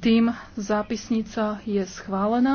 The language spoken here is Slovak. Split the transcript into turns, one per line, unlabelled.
Tým zápisnica je schválená.